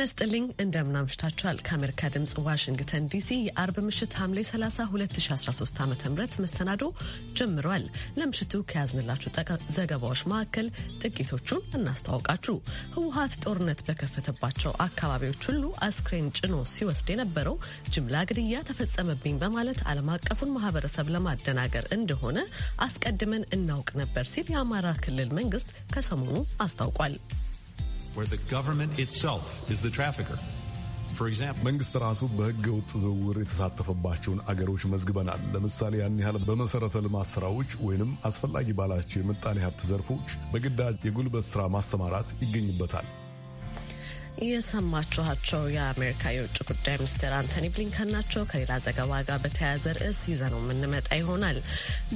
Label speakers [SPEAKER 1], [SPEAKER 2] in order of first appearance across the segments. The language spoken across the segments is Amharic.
[SPEAKER 1] ጤና ስጥልኝ እንደምን አምሽታችኋል። ከአሜሪካ ድምፅ ዋሽንግተን ዲሲ የአርብ ምሽት ሐምሌ 30 2013 ዓ ም መሰናዶ ጀምሯል። ለምሽቱ ከያዝንላችሁ ዘገባዎች መካከል ጥቂቶቹን እናስተዋውቃችሁ። ህወሀት ጦርነት በከፈተባቸው አካባቢዎች ሁሉ አስክሬን ጭኖ ሲወስድ የነበረው ጅምላ ግድያ ተፈጸመብኝ በማለት ዓለም አቀፉን ማህበረሰብ ለማደናገር እንደሆነ አስቀድመን እናውቅ ነበር ሲል የአማራ ክልል መንግስት ከሰሞኑ አስታውቋል።
[SPEAKER 2] መንግስት ራሱ በህገ ወጥ ዝውውር የተሳተፈባቸውን አገሮች መዝግበናል። ለምሳሌ ያን ያህል በመሰረተ ልማት ስራዎች ወይንም አስፈላጊ ባላቸው የምጣኔ ሀብት ዘርፎች በግዳጅ የጉልበት ስራ ማሰማራት ይገኝበታል።
[SPEAKER 1] የሰማችኋቸው የአሜሪካ የውጭ ጉዳይ ሚኒስትር አንቶኒ ብሊንከን ናቸው። ከሌላ ዘገባ ጋር በተያያዘ ርዕስ ይዘነው የምንመጣ ይሆናል።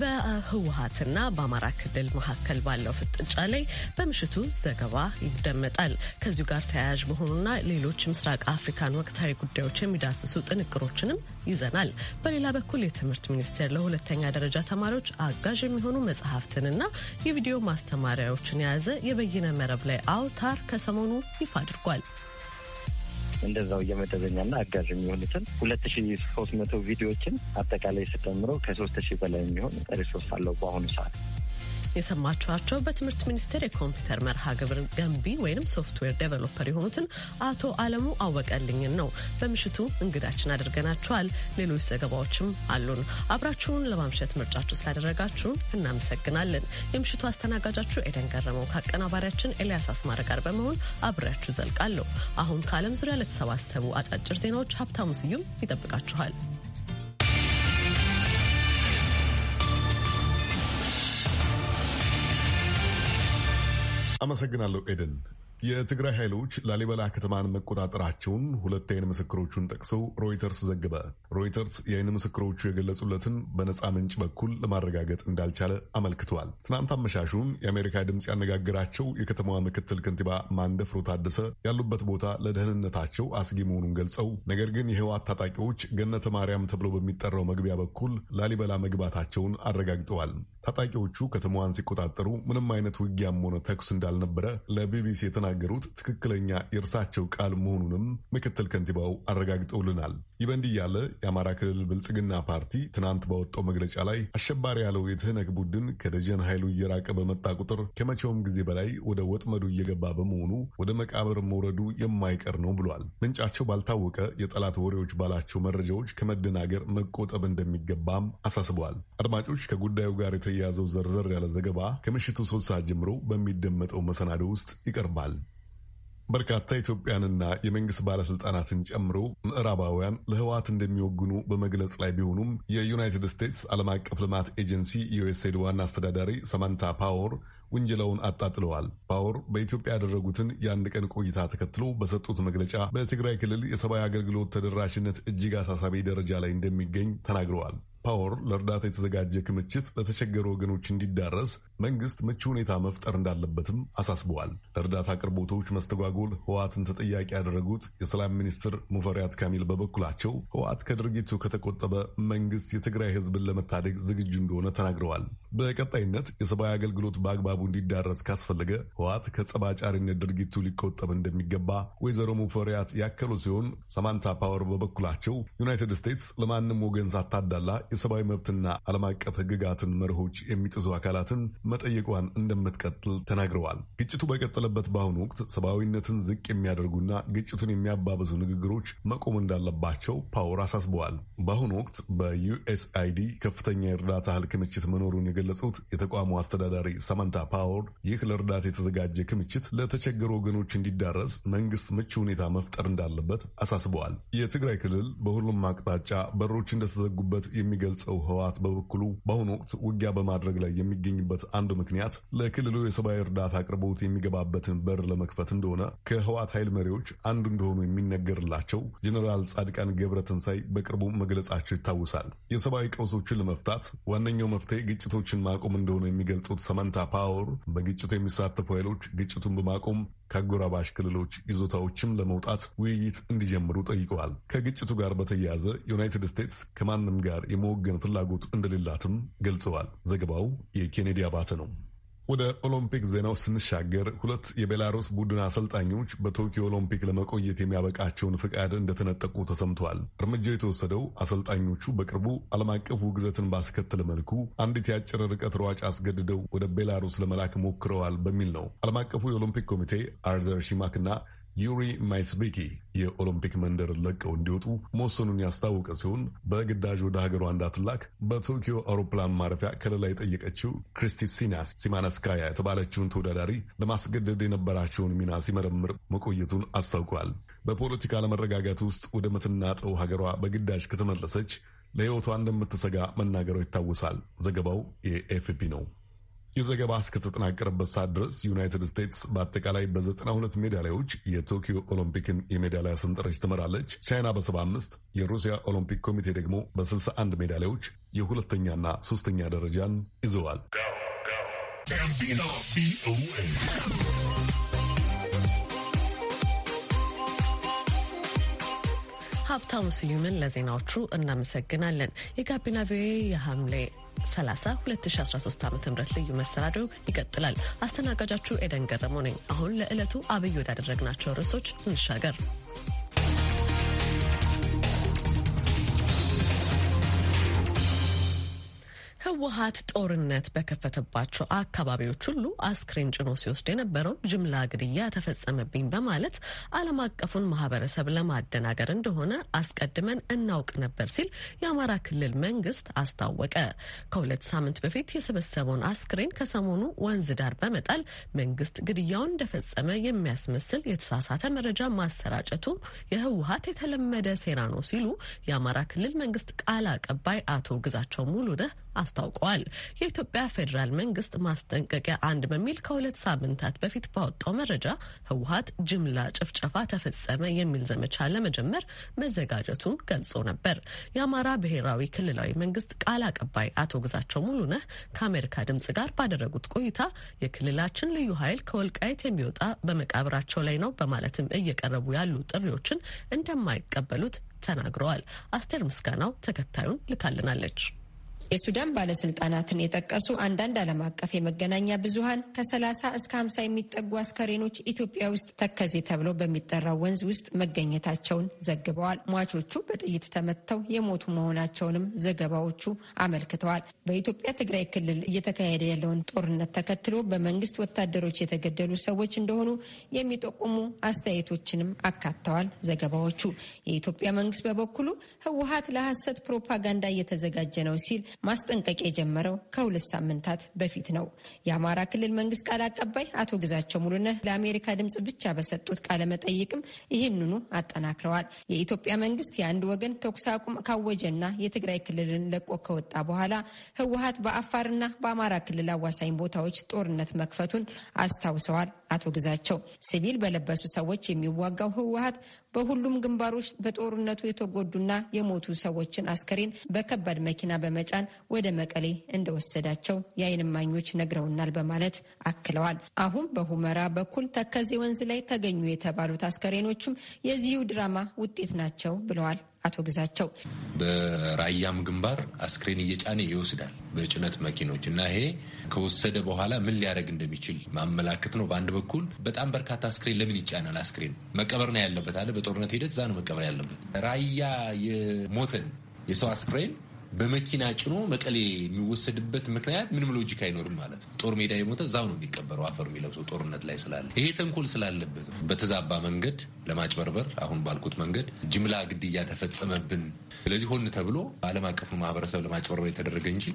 [SPEAKER 1] በህወሀትና በአማራ ክልል መካከል ባለው ፍጥጫ ላይ በምሽቱ ዘገባ ይደመጣል። ከዚሁ ጋር ተያያዥ በሆኑና ሌሎች ምስራቅ አፍሪካን ወቅታዊ ጉዳዮች የሚዳስሱ ጥንቅሮችንም ይዘናል። በሌላ በኩል የትምህርት ሚኒስቴር ለሁለተኛ ደረጃ ተማሪዎች አጋዥ የሚሆኑ መጽሐፍትንና የቪዲዮ ማስተማሪያዎችን የያዘ የበይነ መረብ ላይ አውታር ከሰሞኑ ይፋ አድርጓል።
[SPEAKER 3] እንደዛው እየመደበኛ ና አጋዥ የሚሆኑትን ሁለት ሺ ሶስት መቶ ቪዲዮዎችን አጠቃላይ ስደምረው ከሶስት ሺህ በላይ የሚሆን ሪሶርስ አለው በአሁኑ ሰዓት።
[SPEAKER 1] የሰማችኋቸው በትምህርት ሚኒስቴር የኮምፒውተር መርሃ ግብር ገንቢ ወይም ሶፍትዌር ዴቨሎፐር የሆኑትን አቶ አለሙ አወቀልኝን ነው በምሽቱ እንግዳችን አድርገናቸዋል። ሌሎች ዘገባዎችም አሉን። አብራችሁን ለማምሸት ምርጫችሁ ስላደረጋችሁን እናመሰግናለን። የምሽቱ አስተናጋጃችሁ ኤደን ገረመው ከአቀናባሪያችን ኤልያስ አስማረ ጋር በመሆን አብሬያችሁ ዘልቃለሁ። አሁን ከዓለም ዙሪያ ለተሰባሰቡ አጫጭር ዜናዎች ሀብታሙ ስዩም ይጠብቃችኋል።
[SPEAKER 2] አመሰግናለሁ ኤደን። የትግራይ ኃይሎች ላሊበላ ከተማን መቆጣጠራቸውን ሁለት የአይን ምስክሮቹን ጠቅሰው ሮይተርስ ዘግበ። ሮይተርስ የአይን ምስክሮቹ የገለጹለትን በነፃ ምንጭ በኩል ለማረጋገጥ እንዳልቻለ አመልክተዋል። ትናንት አመሻሹን የአሜሪካ ድምፅ ያነጋገራቸው የከተማዋ ምክትል ከንቲባ ማንደፍሮ ታደሰ ያሉበት ቦታ ለደህንነታቸው አስጊ መሆኑን ገልጸው ነገር ግን የህወሓት ታጣቂዎች ገነተ ማርያም ተብሎ በሚጠራው መግቢያ በኩል ላሊበላ መግባታቸውን አረጋግጠዋል። ታጣቂዎቹ ከተማዋን ሲቆጣጠሩ ምንም አይነት ውጊያም ሆነ ተኩስ እንዳልነበረ ለቢቢሲ የተናገሩት ትክክለኛ የእርሳቸው ቃል መሆኑንም ምክትል ከንቲባው አረጋግጠውልናል። ይህ በእንዲህ ያለ የአማራ ክልል ብልጽግና ፓርቲ ትናንት ባወጣው መግለጫ ላይ አሸባሪ ያለው የትህነግ ቡድን ከደጀን ኃይሉ እየራቀ በመጣ ቁጥር ከመቼውም ጊዜ በላይ ወደ ወጥመዱ እየገባ በመሆኑ ወደ መቃብር መውረዱ የማይቀር ነው ብሏል። ምንጫቸው ባልታወቀ የጠላት ወሬዎች ባላቸው መረጃዎች ከመደናገር መቆጠብ እንደሚገባም አሳስበዋል። አድማጮች ከጉዳዩ ጋር የተ የተያዘው ዘርዘር ያለ ዘገባ ከምሽቱ ሶስት ሰዓት ጀምሮ በሚደመጠው መሰናዶ ውስጥ ይቀርባል። በርካታ ኢትዮጵያንና የመንግስት ባለስልጣናትን ጨምሮ ምዕራባውያን ለህወሓት እንደሚወግኑ በመግለጽ ላይ ቢሆኑም የዩናይትድ ስቴትስ ዓለም አቀፍ ልማት ኤጀንሲ ዩኤስኤድ ዋና አስተዳዳሪ ሰማንታ ፓወር ውንጀላውን አጣጥለዋል። ፓወር በኢትዮጵያ ያደረጉትን የአንድ ቀን ቆይታ ተከትሎ በሰጡት መግለጫ በትግራይ ክልል የሰብአዊ አገልግሎት ተደራሽነት እጅግ አሳሳቢ ደረጃ ላይ እንደሚገኝ ተናግረዋል። ፓወር ለእርዳታ የተዘጋጀ ክምችት ለተቸገሩ ወገኖች እንዲዳረስ መንግስት ምቹ ሁኔታ መፍጠር እንዳለበትም አሳስበዋል። ለእርዳታ አቅርቦቶች መስተጓጎል ህወሓትን ተጠያቂ ያደረጉት የሰላም ሚኒስትር ሙፈሪያት ካሚል በበኩላቸው ህወሓት ከድርጊቱ ከተቆጠበ መንግስት የትግራይ ህዝብን ለመታደግ ዝግጁ እንደሆነ ተናግረዋል። በቀጣይነት የሰብአዊ አገልግሎት በአግባቡ እንዲዳረስ ካስፈለገ ህወሓት ከጸባጫሪነት ድርጊቱ ሊቆጠብ እንደሚገባ ወይዘሮ ሙፈሪያት ያከሉ ሲሆን፣ ሰማንታ ፓወር በበኩላቸው ዩናይትድ ስቴትስ ለማንም ወገን ሳታዳላ የሰብአዊ መብትና ዓለም አቀፍ ሕግጋትን መርሆች የሚጥዙ አካላትን መጠየቋን እንደምትቀጥል ተናግረዋል። ግጭቱ በቀጠለበት በአሁኑ ወቅት ሰብአዊነትን ዝቅ የሚያደርጉና ግጭቱን የሚያባብሱ ንግግሮች መቆም እንዳለባቸው ፓወር አሳስበዋል። በአሁኑ ወቅት በዩኤስአይዲ ከፍተኛ የእርዳታ እህል ክምችት መኖሩን የገለጹት የተቋሙ አስተዳዳሪ ሳማንታ ፓወር ይህ ለእርዳታ የተዘጋጀ ክምችት ለተቸገሩ ወገኖች እንዲዳረስ መንግስት ምቹ ሁኔታ መፍጠር እንዳለበት አሳስበዋል። የትግራይ ክልል በሁሉም አቅጣጫ በሮች እንደተዘጉበት የሚ። የሚገልጸው ህወሓት በበኩሉ በአሁኑ ወቅት ውጊያ በማድረግ ላይ የሚገኝበት አንዱ ምክንያት ለክልሉ የሰብአዊ እርዳታ አቅርቦት የሚገባበትን በር ለመክፈት እንደሆነ ከህወሓት ኃይል መሪዎች አንዱ እንደሆኑ የሚነገርላቸው ጀኔራል ጻድቃን ገብረ ትንሳኤ በቅርቡ መግለጻቸው ይታወሳል። የሰብአዊ ቀውሶችን ለመፍታት ዋነኛው መፍትሄ ግጭቶችን ማቆም እንደሆነ የሚገልጹት ሰመንታ ፓወር በግጭቱ የሚሳተፉ ኃይሎች ግጭቱን በማቆም ከአጎራባሽ ክልሎች ይዞታዎችም ለመውጣት ውይይት እንዲጀምሩ ጠይቀዋል። ከግጭቱ ጋር በተያያዘ ዩናይትድ ስቴትስ ከማንም ጋር የመወገን ፍላጎት እንደሌላትም ገልጸዋል። ዘገባው የኬኔዲ አባተ ነው። ወደ ኦሎምፒክ ዜናው ስንሻገር ሁለት የቤላሩስ ቡድን አሰልጣኞች በቶኪዮ ኦሎምፒክ ለመቆየት የሚያበቃቸውን ፍቃድ እንደተነጠቁ ተሰምተዋል። እርምጃው የተወሰደው አሰልጣኞቹ በቅርቡ ዓለም አቀፍ ውግዘትን ባስከተለ መልኩ አንዲት የአጭር ርቀት ሯጭ አስገድደው ወደ ቤላሩስ ለመላክ ሞክረዋል በሚል ነው። ዓለም አቀፉ የኦሎምፒክ ኮሚቴ አርዘር ሺማክና ዩሪ ማይስቤኪ የኦሎምፒክ መንደር ለቀው እንዲወጡ መወሰኑን ያስታወቀ ሲሆን በግዳጅ ወደ ሀገሯ እንዳትላክ በቶኪዮ አውሮፕላን ማረፊያ ከለላ የጠየቀችው ክሪስቲሲና ሲማነስካያ የተባለችውን ተወዳዳሪ ለማስገደድ የነበራቸውን ሚና ሲመረምር መቆየቱን አስታውቋል። በፖለቲካ አለመረጋጋት ውስጥ ወደ ምትናጠው ሀገሯ በግዳጅ ከተመለሰች ለሕይወቷ እንደምትሰጋ መናገሯ ይታወሳል። ዘገባው የኤፍፒ ነው። ይህ ዘገባ እስከተጠናቀረበት ሰዓት ድረስ ዩናይትድ ስቴትስ በአጠቃላይ በ92 ሜዳሊያዎች የቶኪዮ ኦሎምፒክን የሜዳሊያ ሰንጠረዥ ትመራለች። ቻይና በ75 የሩሲያ ኦሎምፒክ ኮሚቴ ደግሞ በ61 ሜዳሊያዎች የሁለተኛና ሦስተኛ ደረጃን ይዘዋል።
[SPEAKER 1] ሀብታሙ ስዩምን ለዜናዎቹ እናመሰግናለን። የጋቢና ቪኦኤ የሐምሌ 30 2013 ዓ ም ልዩ መሰናዶው ይቀጥላል። አስተናጋጃችሁ ኤደን ገረሙ ነኝ። አሁን ለዕለቱ አብይ ወዳደረግናቸው ርዕሶች እንሻገር። ህወሀት ጦርነት በከፈተባቸው አካባቢዎች ሁሉ አስክሬን ጭኖ ሲወስድ የነበረው ጅምላ ግድያ ተፈጸመብኝ በማለት ዓለም አቀፉን ማህበረሰብ ለማደናገር እንደሆነ አስቀድመን እናውቅ ነበር ሲል የአማራ ክልል መንግስት አስታወቀ። ከሁለት ሳምንት በፊት የሰበሰበውን አስክሬን ከሰሞኑ ወንዝ ዳር በመጣል መንግስት ግድያውን እንደፈጸመ የሚያስመስል የተሳሳተ መረጃ ማሰራጨቱ የህወሀት የተለመደ ሴራ ነው ሲሉ የአማራ ክልል መንግስት ቃል አቀባይ አቶ ግዛቸው ሙሉነህ አስታውቀዋል። አስታውቀዋል። የኢትዮጵያ ፌዴራል መንግስት ማስጠንቀቂያ አንድ በሚል ከሁለት ሳምንታት በፊት ባወጣው መረጃ ህወሀት ጅምላ ጭፍጨፋ ተፈጸመ የሚል ዘመቻ ለመጀመር መዘጋጀቱን ገልጾ ነበር። የአማራ ብሔራዊ ክልላዊ መንግስት ቃል አቀባይ አቶ ግዛቸው ሙሉነህ ከአሜሪካ ድምጽ ጋር ባደረጉት ቆይታ የክልላችን ልዩ ኃይል ከወልቃይት የሚወጣ በመቃብራቸው ላይ ነው በማለትም እየቀረቡ ያሉ ጥሪዎችን እንደማይቀበሉት ተናግረዋል። አስቴር ምስጋናው
[SPEAKER 4] ተከታዩን ልካልናለች። የሱዳን ባለስልጣናትን የጠቀሱ አንዳንድ ዓለም አቀፍ የመገናኛ ብዙሀን ከ30 እስከ 50 የሚጠጉ አስከሬኖች ኢትዮጵያ ውስጥ ተከዜ ተብሎ በሚጠራው ወንዝ ውስጥ መገኘታቸውን ዘግበዋል። ሟቾቹ በጥይት ተመትተው የሞቱ መሆናቸውንም ዘገባዎቹ አመልክተዋል። በኢትዮጵያ ትግራይ ክልል እየተካሄደ ያለውን ጦርነት ተከትሎ በመንግስት ወታደሮች የተገደሉ ሰዎች እንደሆኑ የሚጠቁሙ አስተያየቶችንም አካተዋል ዘገባዎቹ። የኢትዮጵያ መንግስት በበኩሉ ህወሀት ለሐሰት ፕሮፓጋንዳ እየተዘጋጀ ነው ሲል ማስጠንቀቂያ የጀመረው ከሁለት ሳምንታት በፊት ነው። የአማራ ክልል መንግስት ቃል አቀባይ አቶ ግዛቸው ሙሉነህ ለአሜሪካ ድምጽ ብቻ በሰጡት ቃለ መጠይቅም ይህንኑ አጠናክረዋል። የኢትዮጵያ መንግስት የአንድ ወገን ተኩስ አቁም ካወጀና የትግራይ ክልልን ለቆ ከወጣ በኋላ ህወሀት በአፋርና በአማራ ክልል አዋሳኝ ቦታዎች ጦርነት መክፈቱን አስታውሰዋል። አቶ ግዛቸው ሲቪል በለበሱ ሰዎች የሚዋጋው ህወሀት በሁሉም ግንባሮች በጦርነቱ የተጎዱና የሞቱ ሰዎችን አስከሬን በከባድ መኪና በመጫን ወደ መቀሌ እንደወሰዳቸው የአይንማኞች እማኞች ነግረውናል በማለት አክለዋል። አሁን በሁመራ በኩል ተከዜ ወንዝ ላይ ተገኙ የተባሉት አስከሬኖችም የዚሁ ድራማ ውጤት ናቸው ብለዋል። አቶ ግዛቸው
[SPEAKER 5] በራያም ግንባር አስክሬን እየጫነ ይወስዳል በጭነት መኪኖች እና ይሄ ከወሰደ በኋላ ምን ሊያደርግ እንደሚችል ማመላከት ነው። በአንድ በኩል በጣም በርካታ አስክሬን ለምን ይጫናል? አስክሬን መቀበር ነው ያለበት አለ። በጦርነት ሂደት እዛ ነው መቀበር ያለበት። ራያ የሞተን የሰው አስክሬን በመኪና ጭኖ መቀሌ የሚወሰድበት ምክንያት ምንም ሎጂክ አይኖርም ማለት ነው። ጦር ሜዳ የሞተ እዛው ነው የሚቀበረው፣ አፈር የሚለብሰው ጦርነት ላይ ስላለ ይሄ ተንኮል ስላለበት በተዛባ መንገድ ለማጭበርበር አሁን ባልኩት መንገድ ጅምላ ግድያ ተፈጸመብን። ስለዚህ ሆን ተብሎ ዓለም አቀፉ ማህበረሰብ ለማጭበርበር የተደረገ እንጂ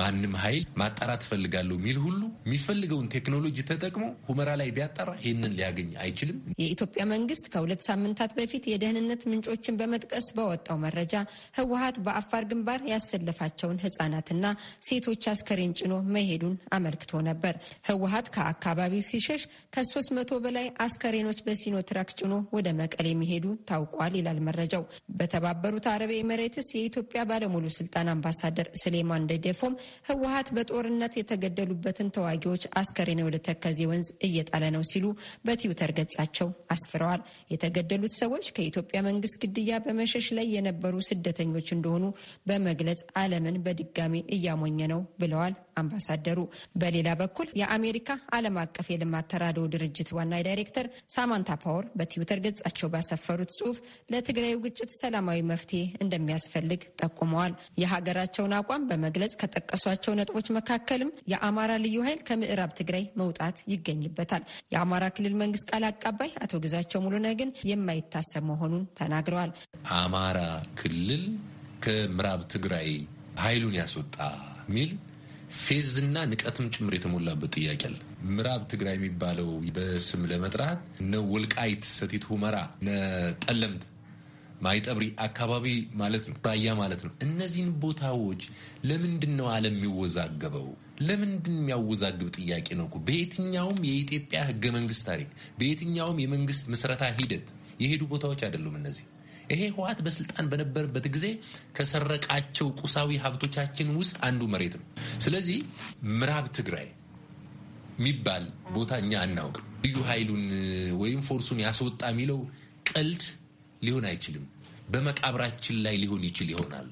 [SPEAKER 5] ማንም ኃይል ማጣራት እፈልጋለሁ የሚል ሁሉ የሚፈልገውን ቴክኖሎጂ ተጠቅሞ ሁመራ ላይ ቢያጣራ ይህንን ሊያገኝ አይችልም።
[SPEAKER 4] የኢትዮጵያ መንግስት ከሁለት ሳምንታት በፊት የደህንነት ምንጮችን በመጥቀስ በወጣው መረጃ ህወሀት በአፋር ግንባር ያሰለፋቸውን ህጻናትና ሴቶች አስከሬን ጭኖ መሄዱን አመልክቶ ነበር። ህወሀት ከአካባቢው ሲሸሽ ከሶስት መቶ በላይ አስከሬኖች በሲኖትራክ ጭኖ ወደ መቀሌ መሄዱ ታውቋል ይላል መረጃው። በተባበሩት አረብ ኤምሬትስ የኢትዮጵያ ባለሙሉ ስልጣን አምባሳደር ስሌማን ደደፎም ህወሀት በጦርነት የተገደሉበትን ተዋጊዎች አስከሬን ወደ ተከዜ ወንዝ እየጣለ ነው ሲሉ በትዊተር ገጻቸው አስፍረዋል። የተገደሉት ሰዎች ከኢትዮጵያ መንግስት ግድያ በመሸሽ ላይ የነበሩ ስደተኞች እንደሆኑ በመግለጽ ዓለምን በድጋሚ እያሞኘ ነው ብለዋል። አምባሳደሩ። በሌላ በኩል የአሜሪካ ዓለም አቀፍ የልማት ተራድኦ ድርጅት ዋና ዳይሬክተር ሳማንታ ፓወር በትዊተር ገጻቸው ባሰፈሩት ጽሁፍ ለትግራዩ ግጭት ሰላማዊ መፍትሄ እንደሚያስፈልግ ጠቁመዋል። የሀገራቸውን አቋም በመግለጽ ከጠቀሷቸው ነጥቦች መካከልም የአማራ ልዩ ኃይል ከምዕራብ ትግራይ መውጣት ይገኝበታል። የአማራ ክልል መንግስት ቃል አቃባይ አቶ ግዛቸው ሙሉነ ግን የማይታሰብ መሆኑን ተናግረዋል።
[SPEAKER 5] አማራ ክልል ከምዕራብ ትግራይ ኃይሉን ያስወጣ የሚል ፌዝና ንቀትም ጭምር የተሞላበት ጥያቄ አለ። ምዕራብ ትግራይ የሚባለው በስም ለመጥራት እነ ወልቃይት፣ ሰቲት ሁመራ፣ ጠለምት፣ ማይጠብሪ አካባቢ ማለት ነው፣ ራያ ማለት ነው። እነዚህን ቦታዎች ለምንድን ነው ዓለም የሚወዛገበው? ለምንድን የሚያወዛግብ ጥያቄ ነው። በየትኛውም የኢትዮጵያ ህገ መንግስት ታሪክ፣ በየትኛውም የመንግስት ምስረታ ሂደት የሄዱ ቦታዎች አይደሉም እነዚህ ይሄ ህወሓት በስልጣን በነበረበት ጊዜ ከሰረቃቸው ቁሳዊ ሀብቶቻችን ውስጥ አንዱ መሬት ነው። ስለዚህ ምዕራብ ትግራይ የሚባል ቦታ እኛ አናውቅም። ልዩ ኃይሉን ወይም ፎርሱን ያስወጣ የሚለው ቀልድ ሊሆን አይችልም። በመቃብራችን ላይ ሊሆን ይችል ይሆናል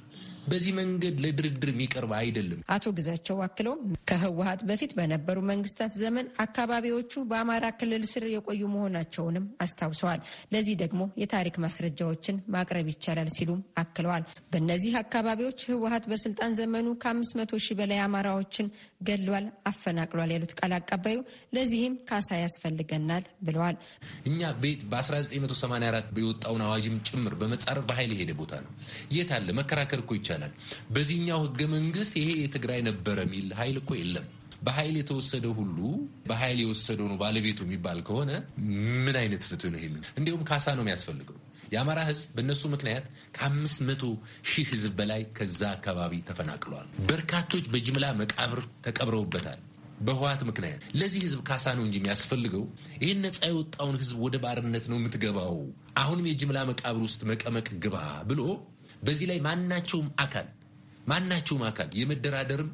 [SPEAKER 5] በዚህ መንገድ ለድርድር የሚቀርብ አይደለም።
[SPEAKER 4] አቶ ግዛቸው አክለውም ከህወሀት በፊት በነበሩ መንግስታት ዘመን አካባቢዎቹ በአማራ ክልል ስር የቆዩ መሆናቸውንም አስታውሰዋል። ለዚህ ደግሞ የታሪክ ማስረጃዎችን ማቅረብ ይቻላል ሲሉም አክለዋል። በእነዚህ አካባቢዎች ህወሀት በስልጣን ዘመኑ ከአምስት መቶ ሺህ በላይ አማራዎችን ገሏል አፈናቅሏል ያሉት ቃል አቀባዩ ለዚህም ካሳ ያስፈልገናል ብለዋል።
[SPEAKER 5] እኛ ቤት በ1984 የወጣውን አዋጅም ጭምር በመጻረር በኃይል የሄደ ቦታ ነው። የት አለ? መከራከር እኮ ይቻላል። በዚህኛው ህገ መንግስት ይሄ የትግራይ ነበረ የሚል ኃይል እኮ የለም። በኃይል የተወሰደ ሁሉ በኃይል የወሰደው ነው ባለቤቱ የሚባል ከሆነ ምን አይነት ፍትህ ነው? ይሄ እንዲሁም ካሳ ነው የሚያስፈልገው። የአማራ ህዝብ በእነሱ ምክንያት ከአምስት መቶ ሺህ ህዝብ በላይ ከዛ አካባቢ ተፈናቅለዋል። በርካቶች በጅምላ መቃብር ተቀብረውበታል በህወሓት ምክንያት። ለዚህ ህዝብ ካሳ ነው እንጂ የሚያስፈልገው ይህን ነፃ የወጣውን ህዝብ ወደ ባርነት ነው የምትገባው፣ አሁንም የጅምላ መቃብር ውስጥ መቀመቅ ግባ ብሎ በዚህ ላይ ማናቸውም አካል ማናቸውም አካል የመደራደርም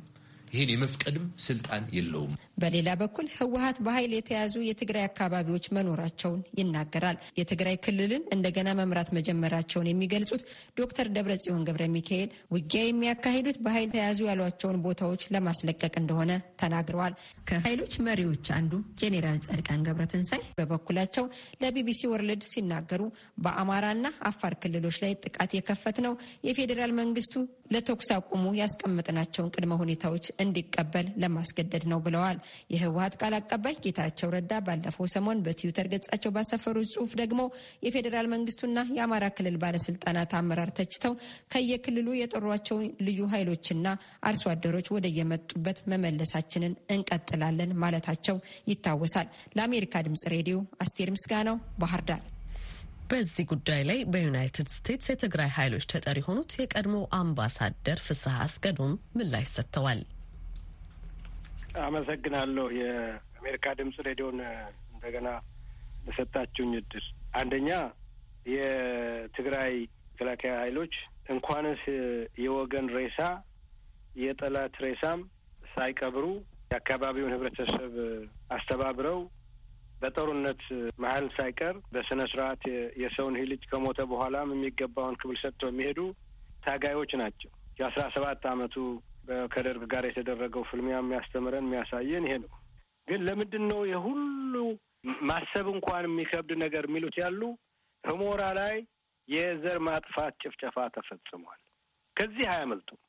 [SPEAKER 5] ይህን የመፍቀድም ስልጣን የለውም።
[SPEAKER 4] በሌላ በኩል ህወሀት በኃይል የተያዙ የትግራይ አካባቢዎች መኖራቸውን ይናገራል። የትግራይ ክልልን እንደገና መምራት መጀመራቸውን የሚገልጹት ዶክተር ደብረጽዮን ገብረ ሚካኤል ውጊያ የሚያካሂዱት በኃይል ተያዙ ያሏቸውን ቦታዎች ለማስለቀቅ እንደሆነ ተናግረዋል። ከኃይሎች መሪዎች አንዱ ጄኔራል ጸድቃን ገብረትንሳይ በበኩላቸው ለቢቢሲ ወርልድ ሲናገሩ በአማራና አፋር ክልሎች ላይ ጥቃት የከፈት ነው የፌዴራል መንግስቱ ለተኩስ አቁሙ ያስቀመጥናቸውን ቅድመ ሁኔታዎች እንዲቀበል ለማስገደድ ነው ብለዋል። የህወሀት ቃል አቀባይ ጌታቸው ረዳ ባለፈው ሰሞን በትዊተር ገጻቸው ባሰፈሩት ጽሁፍ ደግሞ የፌዴራል መንግስቱና የአማራ ክልል ባለስልጣናት አመራር ተችተው ከየክልሉ የጠሯቸው ልዩ ኃይሎችና አርሶ አደሮች ወደየመጡበት መመለሳችንን እንቀጥላለን ማለታቸው ይታወሳል። ለአሜሪካ ድምጽ ሬዲዮ አስቴር ምስጋናው ባህርዳር
[SPEAKER 1] በዚህ ጉዳይ ላይ በዩናይትድ ስቴትስ የትግራይ ኃይሎች ተጠሪ
[SPEAKER 4] የሆኑት የቀድሞ
[SPEAKER 1] አምባሳደር ፍስሐ አስገዶም ምላሽ ሰጥተዋል።
[SPEAKER 6] አመሰግናለሁ የአሜሪካ ድምጽ ሬዲዮን እንደገና በሰጣችሁኝ እድል። አንደኛ የትግራይ መከላከያ ኃይሎች እንኳንስ የወገን ሬሳ የጠላት ሬሳም ሳይቀብሩ የአካባቢውን ህብረተሰብ አስተባብረው በጦርነት መሀል ሳይቀር በስነ ስርዓት የሰውን ልጅ ከሞተ በኋላም የሚገባውን ክብል ሰጥተው የሚሄዱ ታጋዮች ናቸው። የአስራ ሰባት አመቱ ከደርግ ጋር የተደረገው ፍልሚያ የሚያስተምረን የሚያሳየን ይሄ ነው። ግን ለምንድን ነው የሁሉ ማሰብ እንኳን የሚከብድ ነገር የሚሉት ያሉ ህሞራ ላይ የዘር ማጥፋት ጭፍጨፋ ተፈጽሟል። ከዚህ አያመልጡም።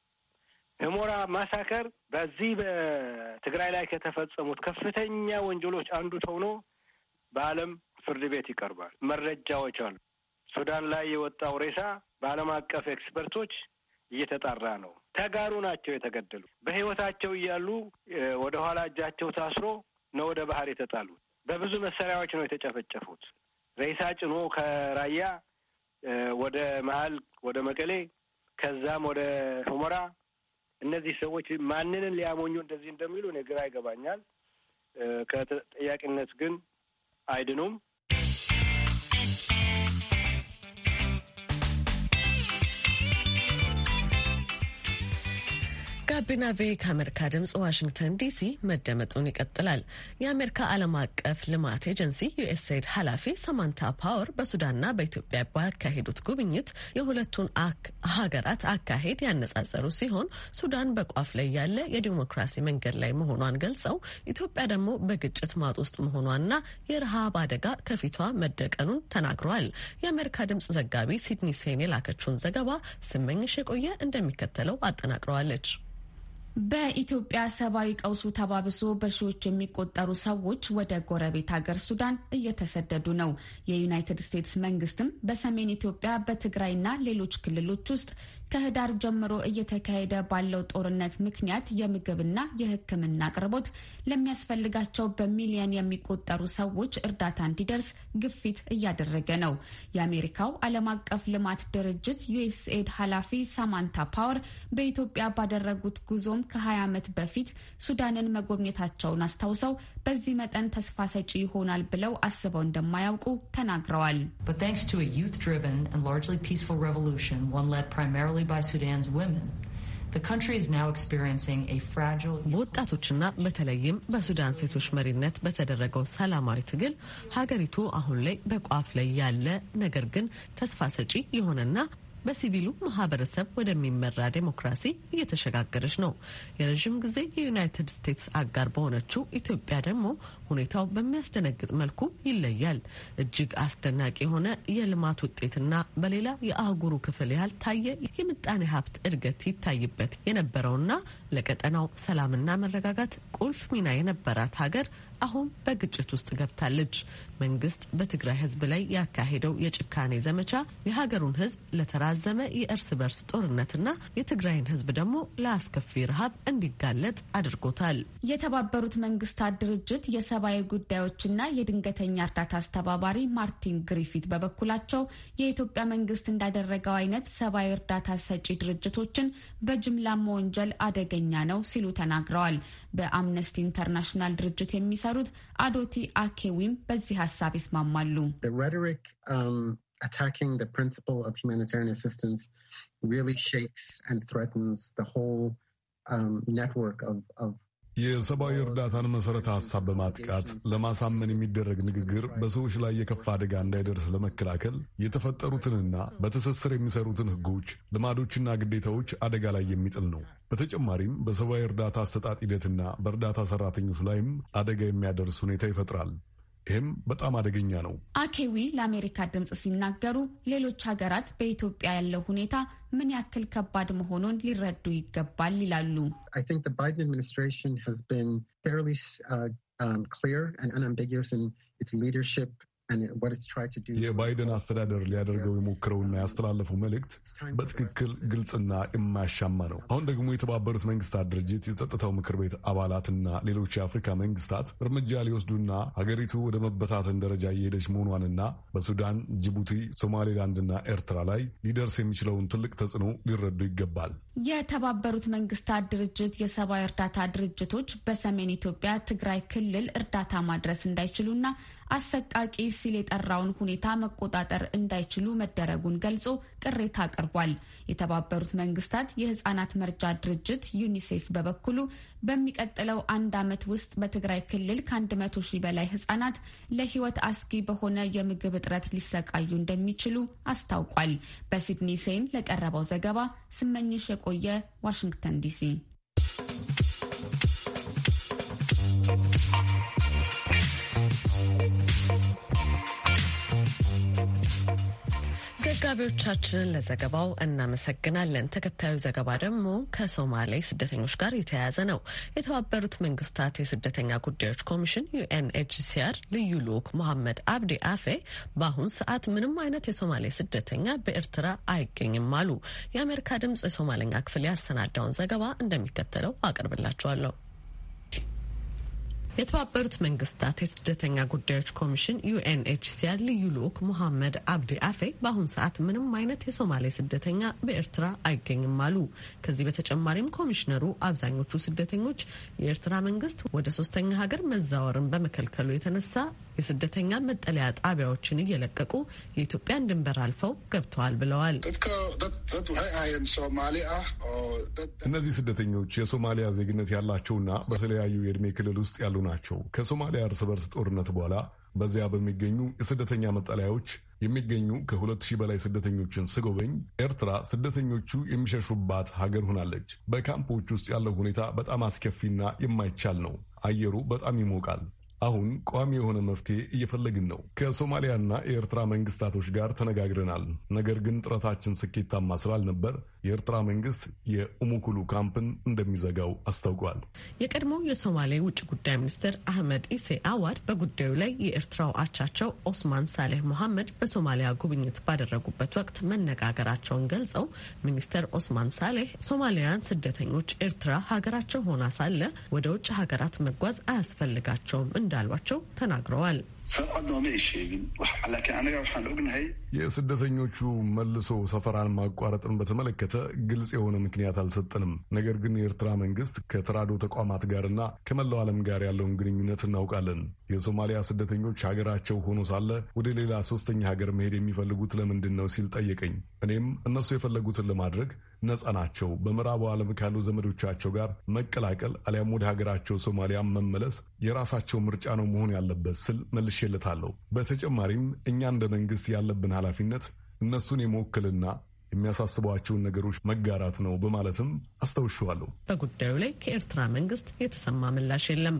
[SPEAKER 6] ህሞራ ማሳከር በዚህ በትግራይ ላይ ከተፈጸሙት ከፍተኛ ወንጀሎች አንዱ ተሆኖ በዓለም ፍርድ ቤት ይቀርባል። መረጃዎች አሉ። ሱዳን ላይ የወጣው ሬሳ በዓለም አቀፍ ኤክስፐርቶች እየተጣራ ነው። ተጋሩ ናቸው የተገደሉ። በህይወታቸው እያሉ ወደ ኋላ እጃቸው ታስሮ ነው ወደ ባህር የተጣሉት። በብዙ መሳሪያዎች ነው የተጨፈጨፉት። ሬሳ ጭኖ ከራያ ወደ መሀል ወደ መቀሌ ከዛም ወደ ሁመራ። እነዚህ ሰዎች ማንንን ሊያሞኙ እንደዚህ እንደሚሉ እኔ ግራ ይገባኛል። ከተጠያቂነት ግን አይድኑም።
[SPEAKER 1] ጋቢና ቬ ከአሜሪካ ድምጽ ዋሽንግተን ዲሲ መደመጡን ይቀጥላል። የአሜሪካ ዓለም አቀፍ ልማት ኤጀንሲ ዩኤስኤድ ኃላፊ ሰማንታ ፓወር በሱዳንና በኢትዮጵያ ባካሄዱት ጉብኝት የሁለቱን ሀገራት አካሄድ ያነጻጸሩ ሲሆን ሱዳን በቋፍ ላይ ያለ የዲሞክራሲ መንገድ ላይ መሆኗን ገልጸው ኢትዮጵያ ደግሞ በግጭት ማጥ ውስጥ መሆኗና የረሃብ አደጋ ከፊቷ መደቀኑን ተናግረዋል። የአሜሪካ ድምጽ ዘጋቢ ሲድኒ ሴን የላከችውን ዘገባ ስመኝሽ የቆየ እንደሚከተለው አጠናቅረዋለች።
[SPEAKER 7] በኢትዮጵያ ሰብአዊ ቀውሱ ተባብሶ በሺዎች የሚቆጠሩ ሰዎች ወደ ጎረቤት ሀገር ሱዳን እየተሰደዱ ነው። የዩናይትድ ስቴትስ መንግስትም በሰሜን ኢትዮጵያ በትግራይና ሌሎች ክልሎች ውስጥ ከህዳር ጀምሮ እየተካሄደ ባለው ጦርነት ምክንያት የምግብና የሕክምና አቅርቦት ለሚያስፈልጋቸው በሚሊየን የሚቆጠሩ ሰዎች እርዳታ እንዲደርስ ግፊት እያደረገ ነው። የአሜሪካው ዓለም አቀፍ ልማት ድርጅት ዩኤስኤድ ኃላፊ ሳማንታ ፓወር በኢትዮጵያ ባደረጉት ጉዞም ከ20 ዓመት በፊት ሱዳንን መጎብኘታቸውን አስታውሰው በዚህ መጠን ተስፋ ሰጪ ይሆናል ብለው አስበው እንደማያውቁ ተናግረዋል።
[SPEAKER 1] በወጣቶችና በተለይም በሱዳን ሴቶች መሪነት በተደረገው ሰላማዊ ትግል ሀገሪቱ አሁን ላይ በቋፍ ላይ ያለ ነገር ግን ተስፋ ሰጪ የሆነና በሲቪሉ ማህበረሰብ ወደሚመራ ዴሞክራሲ እየተሸጋገረች ነው። የረዥም ጊዜ የዩናይትድ ስቴትስ አጋር በሆነችው ኢትዮጵያ ደግሞ ሁኔታው በሚያስደነግጥ መልኩ ይለያል። እጅግ አስደናቂ የሆነ የልማት ውጤትና በሌላ የአህጉሩ ክፍል ያልታየ የምጣኔ ሀብት እድገት ይታይበት የነበረውና ለቀጠናው ሰላምና መረጋጋት ቁልፍ ሚና የነበራት ሀገር አሁን በግጭት ውስጥ ገብታለች። መንግስት በትግራይ ህዝብ ላይ ያካሄደው የጭካኔ ዘመቻ የሀገሩን ህዝብ ለተራዘመ የእርስ በርስ ጦርነትና የትግራይን ህዝብ ደግሞ ለአስከፊ ረሃብ እንዲጋለጥ አድርጎታል።
[SPEAKER 7] የተባበሩት መንግስታት ድርጅት የሰብአዊ ጉዳዮችና የድንገተኛ እርዳታ አስተባባሪ ማርቲን ግሪፊት በበኩላቸው የኢትዮጵያ መንግስት እንዳደረገው አይነት ሰብአዊ እርዳታ ሰጪ ድርጅቶችን በጅምላ መወንጀል አደገኛ ነው ሲሉ ተናግረዋል። በአምነስቲ ኢንተርናሽናል ድርጅት የሚሰሩ The አዶቲ አኬዊም በዚህ ሀሳብ ይስማማሉ።
[SPEAKER 6] um, attacking the principle of humanitarian assistance really shakes and threatens the whole um, network of, of
[SPEAKER 2] የሰብአዊ እርዳታን መሠረተ ሐሳብ በማጥቃት ለማሳመን የሚደረግ ንግግር በሰዎች ላይ የከፋ አደጋ እንዳይደርስ ለመከላከል የተፈጠሩትንና በትስስር የሚሰሩትን ሕጎች፣ ልማዶችና ግዴታዎች አደጋ ላይ የሚጥል ነው። በተጨማሪም በሰብአዊ እርዳታ አሰጣጥ ሂደትና በእርዳታ ሰራተኞች ላይም አደጋ የሚያደርስ ሁኔታ ይፈጥራል። ይህም በጣም አደገኛ ነው።
[SPEAKER 7] አኬዊ ለአሜሪካ ድምፅ ሲናገሩ ሌሎች ሀገራት በኢትዮጵያ ያለው ሁኔታ ምን ያክል ከባድ መሆኑን ሊረዱ ይገባል ይላሉ።
[SPEAKER 6] የባይደን
[SPEAKER 2] አስተዳደር ሊያደርገው የሞክረውና ያስተላለፈው መልእክት በትክክል ግልጽና የማያሻማ ነው። አሁን ደግሞ የተባበሩት መንግስታት ድርጅት የጸጥታው ምክር ቤት አባላትና ሌሎች የአፍሪካ መንግስታት እርምጃ ሊወስዱና ሀገሪቱ ወደ መበታተን ደረጃ እየሄደች መሆኗንና በሱዳን፣ ጅቡቲ፣ ሶማሌላንድና ኤርትራ ላይ ሊደርስ የሚችለውን ትልቅ ተጽዕኖ ሊረዱ ይገባል።
[SPEAKER 7] የተባበሩት መንግስታት ድርጅት የሰብአዊ እርዳታ ድርጅቶች በሰሜን ኢትዮጵያ ትግራይ ክልል እርዳታ ማድረስ እንዳይችሉና አሰቃቂ ሲል የጠራውን ሁኔታ መቆጣጠር እንዳይችሉ መደረጉን ገልጾ ቅሬታ አቅርቧል። የተባበሩት መንግስታት የህጻናት መርጃ ድርጅት ዩኒሴፍ በበኩሉ በሚቀጥለው አንድ ዓመት ውስጥ በትግራይ ክልል ከ100 ሺህ በላይ ህጻናት ለህይወት አስጊ በሆነ የምግብ እጥረት ሊሰቃዩ እንደሚችሉ አስታውቋል። በሲድኒ ሴን ለቀረበው ዘገባ ስመኝሽ የቆየ ዋሽንግተን ዲሲ
[SPEAKER 1] ዘጋቢዎቻችንን ለዘገባው እናመሰግናለን። ተከታዩ ዘገባ ደግሞ ከሶማሌ ስደተኞች ጋር የተያያዘ ነው። የተባበሩት መንግስታት የስደተኛ ጉዳዮች ኮሚሽን ዩኤንኤችሲአር ልዩ ልዑክ መሐመድ አብዲ አፌ በአሁን ሰዓት ምንም አይነት የሶማሌ ስደተኛ በኤርትራ አይገኝም አሉ። የአሜሪካ ድምጽ የሶማለኛ ክፍል ያሰናዳውን ዘገባ እንደሚከተለው አቅርብላችኋለሁ። የተባበሩት መንግስታት የስደተኛ ጉዳዮች ኮሚሽን ዩኤንኤችሲአር ልዩ ልኡክ ሙሐመድ አብዲ አፌ በአሁኑ ሰዓት ምንም አይነት የሶማሌ ስደተኛ በኤርትራ አይገኝም አሉ። ከዚህ በተጨማሪም ኮሚሽነሩ አብዛኞቹ ስደተኞች የኤርትራ መንግስት ወደ ሶስተኛ ሀገር መዛወርን በመከልከሉ የተነሳ የስደተኛ መጠለያ ጣቢያዎችን እየለቀቁ የኢትዮጵያን ድንበር አልፈው ገብተዋል ብለዋል።
[SPEAKER 2] እነዚህ ስደተኞች የሶማሊያ ዜግነት ያላቸውና በተለያዩ የዕድሜ ክልል ውስጥ ያሉ ናቸው። ከሶማሊያ እርስ በርስ ጦርነት በኋላ በዚያ በሚገኙ የስደተኛ መጠለያዎች የሚገኙ ከሁለት ሺህ በላይ ስደተኞችን ስጎበኝ ኤርትራ ስደተኞቹ የሚሸሹባት ሀገር ሆናለች። በካምፖች ውስጥ ያለው ሁኔታ በጣም አስከፊና የማይቻል ነው። አየሩ በጣም ይሞቃል። አሁን ቋሚ የሆነ መፍትሄ እየፈለግን ነው። ከሶማሊያና የኤርትራ መንግስታቶች ጋር ተነጋግረናል። ነገር ግን ጥረታችን ስኬታማ ስላልነበር የኤርትራ መንግስት የኡሙኩሉ ካምፕን እንደሚዘጋው አስታውቋል።
[SPEAKER 1] የቀድሞ የሶማሌ ውጭ ጉዳይ ሚኒስትር አህመድ ኢሴ አዋድ በጉዳዩ ላይ የኤርትራው አቻቸው ኦስማን ሳሌህ መሐመድ በሶማሊያ ጉብኝት ባደረጉበት ወቅት መነጋገራቸውን ገልጸው ሚኒስትር ኦስማን ሳሌህ ሶማሊያውያን ስደተኞች ኤርትራ ሀገራቸው ሆና ሳለ ወደ ውጭ ሀገራት መጓዝ አያስፈልጋቸውም እንዳሏቸው ተናግረዋል።
[SPEAKER 5] ሰብዓት ዞማ ይሸግን አነጋ ውሓን ብሓን
[SPEAKER 2] የስደተኞቹ መልሶ ሰፈራን ማቋረጥን በተመለከተ ግልጽ የሆነ ምክንያት አልሰጠንም። ነገር ግን የኤርትራ መንግስት ከትራዶ ተቋማት ጋርና ከመላው ዓለም ጋር ያለውን ግንኙነት እናውቃለን። የሶማሊያ ስደተኞች ሀገራቸው ሆኖ ሳለ ወደ ሌላ ሶስተኛ ሀገር መሄድ የሚፈልጉት ለምንድን ነው ሲል ጠየቀኝ። እኔም እነሱ የፈለጉትን ለማድረግ ነጻ ናቸው። በምዕራቡ ዓለም ካሉ ዘመዶቻቸው ጋር መቀላቀል አሊያም ወደ ሀገራቸው ሶማሊያ መመለስ የራሳቸው ምርጫ ነው መሆን ያለበት ስል መልሽ መልሼለታለሁ። በተጨማሪም እኛ እንደ መንግስት ያለብን ኃላፊነት እነሱን የመወክልና የሚያሳስቧቸውን ነገሮች መጋራት ነው በማለትም አስታውሸዋለሁ።
[SPEAKER 1] በጉዳዩ ላይ ከኤርትራ መንግስት የተሰማ ምላሽ የለም።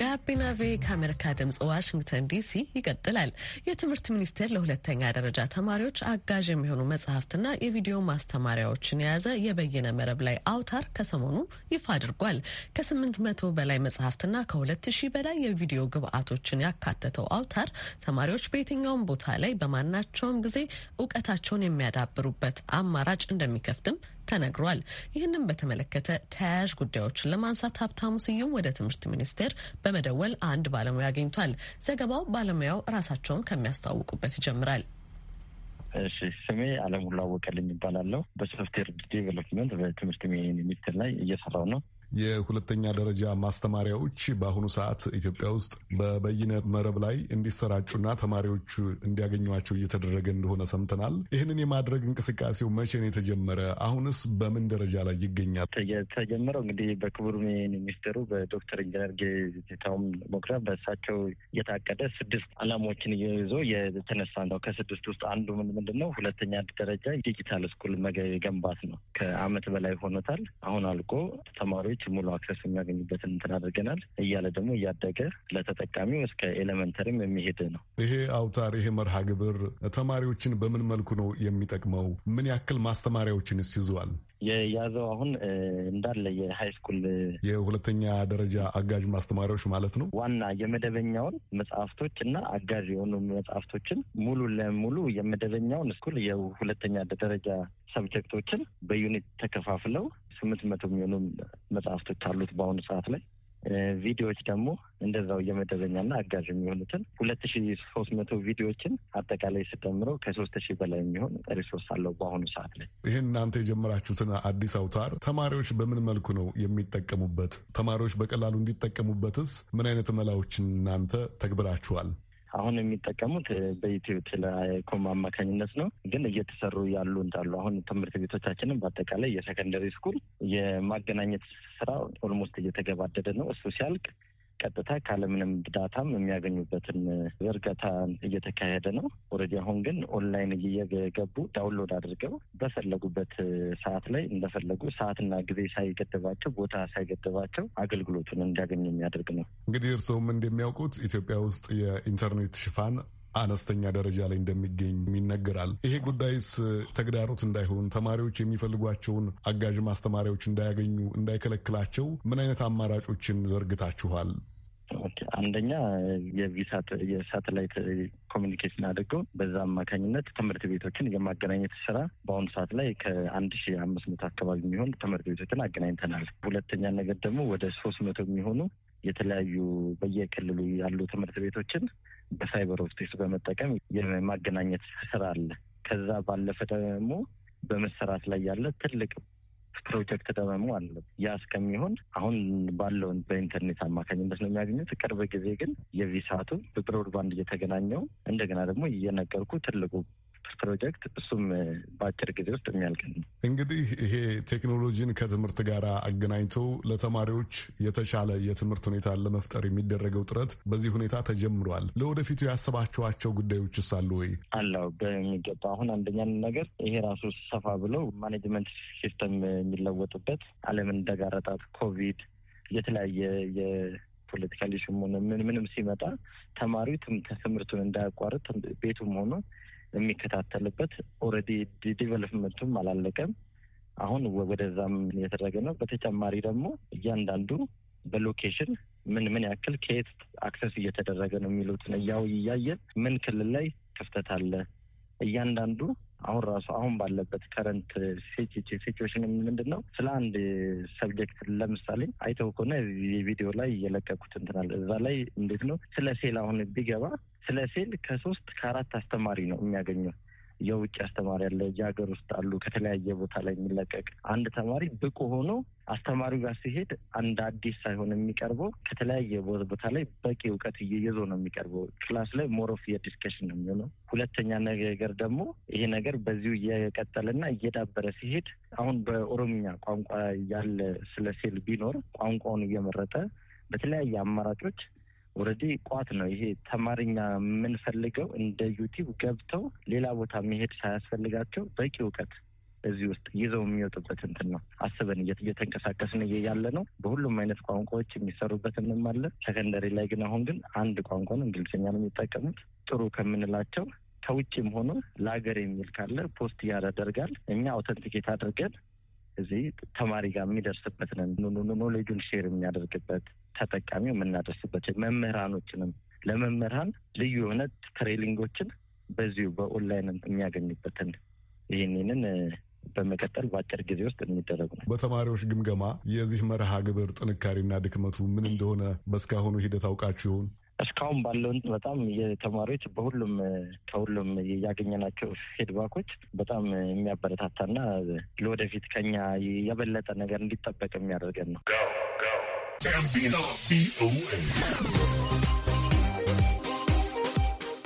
[SPEAKER 1] ጋቢና ቬ ከአሜሪካ ድምጽ ዋሽንግተን ዲሲ ይቀጥላል። የትምህርት ሚኒስቴር ለሁለተኛ ደረጃ ተማሪዎች አጋዥ የሚሆኑ መጽሐፍትና የቪዲዮ ማስተማሪያዎችን የያዘ የበይነ መረብ ላይ አውታር ከሰሞኑ ይፋ አድርጓል። ከ መቶ በላይ መጽሐፍትና ከ ሺህ በላይ የቪዲዮ ግብአቶችን ያካተተው አውታር ተማሪዎች በየትኛውም ቦታ ላይ በማናቸውም ጊዜ እውቀታቸውን የሚያዳብሩበት አማራጭ እንደሚከፍትም ተነግሯል። ይህንም በተመለከተ ተያያዥ ጉዳዮችን ለማንሳት ሀብታሙ ስዩም ወደ ትምህርት ሚኒስቴር በመደወል አንድ ባለሙያ አግኝቷል። ዘገባው ባለሙያው ራሳቸውን ከሚያስተዋውቁበት ይጀምራል።
[SPEAKER 3] እሺ ስሜ አለሙላ አወቀልኝ ይባላለሁ። በሶፍትዌር ዴቨሎፕመንት በትምህርት ሚኒስቴር ላይ እየሰራው ነው። የሁለተኛ
[SPEAKER 2] ደረጃ ማስተማሪያዎች በአሁኑ ሰዓት ኢትዮጵያ ውስጥ በበይነ መረብ ላይ እንዲሰራጩና ተማሪዎቹ እንዲያገኟቸው እየተደረገ እንደሆነ ሰምተናል። ይህንን የማድረግ እንቅስቃሴው መቼ ነው የተጀመረ? አሁንስ በምን ደረጃ ላይ ይገኛል? የተጀመረው እንግዲህ በክቡር ሚኒስትሩ
[SPEAKER 3] በዶክተር ኢንጂነር ጌታሁን መኩሪያ በእሳቸው የታቀደ ስድስት አላማዎችን ይዞ የተነሳ ነው። ከስድስት ውስጥ አንዱ ምንድን ነው? ሁለተኛ ደረጃ ዲጂታል ስኩል መገንባት ነው። ከአመት በላይ ሆኖታል። አሁን አልቆ ተማሪዎች ልጅ ሙሉ አክሰስ የሚያገኙበትን እንትን አድርገናል። እያለ ደግሞ እያደገ ለተጠቃሚው እስከ ኤሌመንተሪም የሚሄድ ነው።
[SPEAKER 2] ይሄ አውታር ይሄ መርሃ ግብር ተማሪዎችን በምን መልኩ ነው የሚጠቅመው? ምን ያክል ማስተማሪያዎችን ይዘዋል?
[SPEAKER 3] የያዘው አሁን እንዳለ የሀይ ስኩል የሁለተኛ ደረጃ አጋዥ ማስተማሪያዎች ማለት ነው። ዋና የመደበኛውን መጽሐፍቶች እና አጋዥ የሆኑ መጽሐፍቶችን ሙሉ ለሙሉ የመደበኛውን ስኩል የሁለተኛ ደረጃ ሰብጀክቶችን በዩኒት ተከፋፍለው ስምንት መቶ የሚሆኑ መጽሐፍቶች አሉት በአሁኑ ሰዓት ላይ ቪዲዮዎች ደግሞ እንደዛው የመደበኛና አጋዥ የሚሆኑትን ሁለት ሺ ሶስት መቶ ቪዲዮዎችን አጠቃላይ ስደምረው ከሶስት ሺህ በላይ የሚሆን ሪሶርስ አለው በአሁኑ ሰዓት ላይ።
[SPEAKER 2] ይህን እናንተ የጀመራችሁትን አዲስ አውታር ተማሪዎች በምን መልኩ ነው የሚጠቀሙበት? ተማሪዎች በቀላሉ እንዲጠቀሙበትስ ምን አይነት መላዎችን እናንተ ተግብራችኋል?
[SPEAKER 3] አሁን የሚጠቀሙት በኢትዮ ቴሌኮም አማካኝነት ነው። ግን እየተሰሩ ያሉ እንዳሉ አሁን ትምህርት ቤቶቻችንም በአጠቃላይ የሰከንደሪ ስኩል የማገናኘት ስራ ኦልሞስት እየተገባደደ ነው። እሱ ሲያልቅ ቀጥታ ካለምንም ዳታም የሚያገኙበትን ዝርገታ እየተካሄደ ነው። ኦልሬዲ አሁን ግን ኦንላይን እየገቡ ዳውንሎድ አድርገው በፈለጉበት ሰዓት ላይ እንደፈለጉ ሰዓትና ጊዜ ሳይገደባቸው፣ ቦታ ሳይገደባቸው አገልግሎቱን እንዲያገኙ የሚያደርግ ነው።
[SPEAKER 2] እንግዲህ እርስዎም እንደሚያውቁት ኢትዮጵያ ውስጥ የኢንተርኔት ሽፋን አነስተኛ ደረጃ ላይ እንደሚገኝ ይነገራል። ይሄ ጉዳይስ ተግዳሮት እንዳይሆን ተማሪዎች የሚፈልጓቸውን አጋዥ ማስተማሪያዎች እንዳያገኙ እንዳይከለክላቸው ምን አይነት
[SPEAKER 3] አማራጮችን ዘርግታችኋል? አንደኛ የቪሳት የሳተላይት ኮሚኒኬሽን አድርገው በዛ አማካኝነት ትምህርት ቤቶችን የማገናኘት ስራ በአሁኑ ሰዓት ላይ ከአንድ ሺ አምስት መቶ አካባቢ የሚሆኑ ትምህርት ቤቶችን አገናኝተናል። ሁለተኛ ነገር ደግሞ ወደ ሶስት መቶ የሚሆኑ የተለያዩ በየክልሉ ያሉ ትምህርት ቤቶችን በሳይበር ኦፕቲክስ በመጠቀም የማገናኘት ስራ አለ። ከዛ ባለፈ ደግሞ በመሰራት ላይ ያለ ትልቅ ፕሮጀክት ደግሞ አለ። ያ እስከሚሆን አሁን ባለውን በኢንተርኔት አማካኝነት ነው የሚያገኙት። ቅርብ ጊዜ ግን የቪሳቱ በብሮድባንድ እየተገናኘው እንደገና ደግሞ እየነገርኩ ትልቁ ፕሮጀክት እሱም በአጭር ጊዜ ውስጥ የሚያልቅ ነው።
[SPEAKER 2] እንግዲህ ይሄ ቴክኖሎጂን ከትምህርት ጋር አገናኝቶ ለተማሪዎች የተሻለ የትምህርት ሁኔታ ለመፍጠር የሚደረገው ጥረት በዚህ ሁኔታ ተጀምሯል። ለወደፊቱ ያሰባችኋቸው ጉዳዮችስ አሉ ወይ?
[SPEAKER 3] አለው በሚገባ አሁን አንደኛ ነገር ይሄ ራሱ ሰፋ ብለው ማኔጅመንት ሲስተም የሚለወጡበት አለም እንደጋረጣት ኮቪድ የተለያየ የፖለቲካል ሹም ሆነ ምን ምንም ሲመጣ ተማሪው ትምህርቱን እንዳያቋርጥ ቤቱም ሆኖ የሚከታተልበት ኦልሬዲ ዲቨሎፕመንቱም አላለቀም። አሁን ወደዛም እየተደረገ ነው። በተጨማሪ ደግሞ እያንዳንዱ በሎኬሽን ምን ምን ያክል ከየት አክሰስ እየተደረገ ነው የሚሉትን እያው እያየን ምን ክልል ላይ ክፍተት አለ እያንዳንዱ አሁን ራሱ አሁን ባለበት ከረንት ሲቹዌሽን ምንድን ነው? ስለ አንድ ሰብጀክት ለምሳሌ አይተው ከሆነ ቪዲዮ ላይ እየለቀቁት እንትናል እዛ ላይ እንዴት ነው ስለ ሴል አሁን ቢገባ ስለ ሴል ከሶስት ከአራት አስተማሪ ነው የሚያገኘው የውጭ አስተማሪ አለ፣ የሀገር ውስጥ አሉ፣ ከተለያየ ቦታ ላይ የሚለቀቅ አንድ ተማሪ ብቁ ሆኖ አስተማሪው ጋር ሲሄድ አንድ አዲስ ሳይሆን የሚቀርበው ከተለያየ ቦታ ላይ በቂ እውቀት እየይዞ ነው የሚቀርበው። ክላስ ላይ ሞሮፍ የዲስከሽን ነው የሚሆነው። ሁለተኛ ነገር ደግሞ ይሄ ነገር በዚሁ እየቀጠለና እየዳበረ ሲሄድ አሁን በኦሮምኛ ቋንቋ ያለ ስለ ሴል ቢኖር ቋንቋውን እየመረጠ በተለያየ አማራጮች ኦልሬዲ ቋት ነው ይሄ ተማሪኛ የምንፈልገው እንደ ዩቲብ ገብተው ሌላ ቦታ መሄድ ሳያስፈልጋቸው በቂ እውቀት እዚህ ውስጥ ይዘው የሚወጡበት እንትን ነው አስበን እየተንቀሳቀስን ያለ ነው። በሁሉም አይነት ቋንቋዎች የሚሰሩበት እንማለን። ሰከንደሪ ላይ ግን አሁን ግን አንድ ቋንቋ ነው እንግሊዝኛ ነው የሚጠቀሙት። ጥሩ ከምንላቸው ከውጭም ሆኖ ለሀገር የሚል ካለ ፖስት ያደርጋል። እኛ አውተንቲኬት አድርገን እዚህ ተማሪ ጋር የሚደርስበትንን ኖሌጁን ሼር የሚያደርግበት ተጠቃሚው የምናደርስበት መምህራኖችንም ለመምህራን ልዩ የሆነ ትሬሊንጎችን በዚሁ በኦንላይን የሚያገኙበትን ይህንንን በመቀጠል በአጭር ጊዜ ውስጥ የሚደረጉ ነው።
[SPEAKER 2] በተማሪዎች ግምገማ የዚህ መርሃ ግብር ጥንካሬና ድክመቱ ምን እንደሆነ በእስካሁኑ ሂደት አውቃችሁ ይሆን?
[SPEAKER 3] እስካሁን ባለውን በጣም የተማሪዎች በሁሉም ከሁሉም ያገኘናቸው ፊድባኮች በጣም የሚያበረታታና ለወደፊት ከኛ የበለጠ ነገር እንዲጠበቅ የሚያደርገን ነው።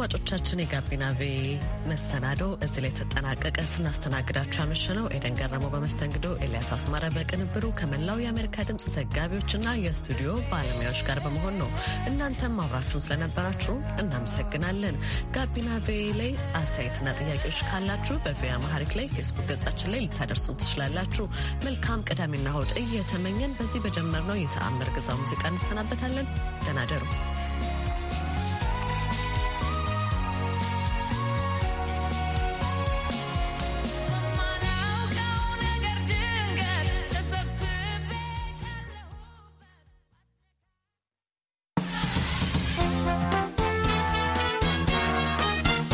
[SPEAKER 1] አድማጮቻችን የጋቢና ቤ መሰናዶ እዚህ ላይ ተጠናቀቀ። ስናስተናግዳችሁ ያመሸነው ኤደን ገረመው በመስተንግዶ፣ ኤልያስ አስማረ በቅንብሩ ከመላው የአሜሪካ ድምፅ ዘጋቢዎችና የስቱዲዮ ባለሙያዎች ጋር በመሆን ነው። እናንተም አብራችሁን ስለነበራችሁ እናመሰግናለን። ጋቢና ቤ ላይ አስተያየትና ጥያቄዎች ካላችሁ በቪያ ማሀሪክ ላይ ፌስቡክ ገጻችን ላይ ልታደርሱን ትችላላችሁ። መልካም ቅዳሜና እሁድ እየተመኘን በዚህ በጀመርነው የተአምር ግዛ ሙዚቃ እንሰናበታለን። ደናደሩ